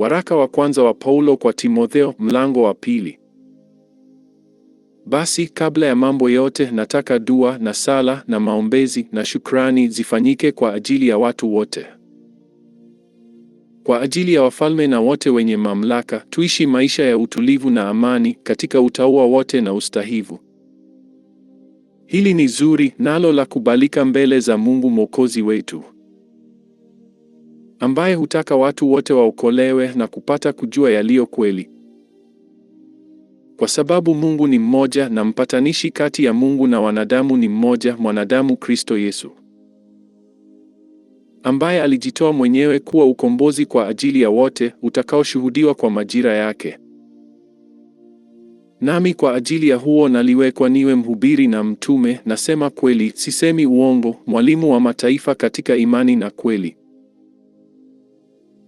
Waraka wa kwanza wa Paulo kwa Timotheo, mlango wa pili. Basi kabla ya mambo yote, nataka dua na sala na maombezi na shukrani zifanyike kwa ajili ya watu wote, kwa ajili ya wafalme na wote wenye mamlaka, tuishi maisha ya utulivu na amani katika utaua wote na ustahivu. Hili ni zuri nalo la kubalika mbele za Mungu Mwokozi wetu ambaye hutaka watu wote waokolewe na kupata kujua yaliyo kweli. Kwa sababu Mungu ni mmoja na mpatanishi kati ya Mungu na wanadamu ni mmoja, mwanadamu Kristo Yesu, ambaye alijitoa mwenyewe kuwa ukombozi kwa ajili ya wote, utakaoshuhudiwa kwa majira yake. Nami kwa ajili ya huo naliwekwa niwe mhubiri na mtume, nasema kweli, sisemi uongo, mwalimu wa mataifa katika imani na kweli.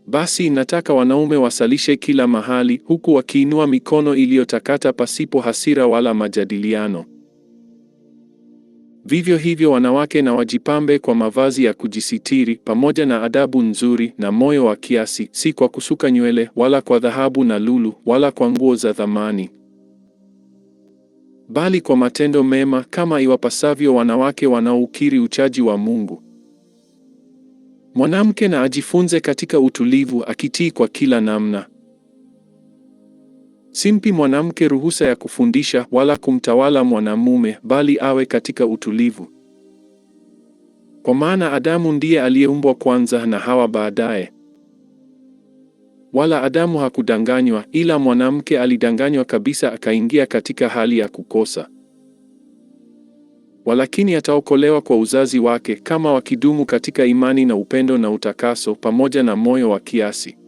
Basi nataka wanaume wasalishe kila mahali, huku wakiinua mikono iliyotakata pasipo hasira wala majadiliano. Vivyo hivyo wanawake na wajipambe kwa mavazi ya kujisitiri, pamoja na adabu nzuri na moyo wa kiasi, si kwa kusuka nywele wala kwa dhahabu na lulu wala kwa nguo za thamani, bali kwa matendo mema, kama iwapasavyo wanawake wanaoukiri uchaji wa Mungu. Mwanamke na ajifunze katika utulivu, akitii kwa kila namna. Simpi mwanamke ruhusa ya kufundisha wala kumtawala mwanamume, bali awe katika utulivu, kwa maana Adamu ndiye aliyeumbwa kwanza na Hawa baadaye. Wala Adamu hakudanganywa, ila mwanamke alidanganywa kabisa, akaingia katika hali ya kukosa walakini ataokolewa kwa uzazi wake, kama wakidumu katika imani na upendo na utakaso, pamoja na moyo wa kiasi.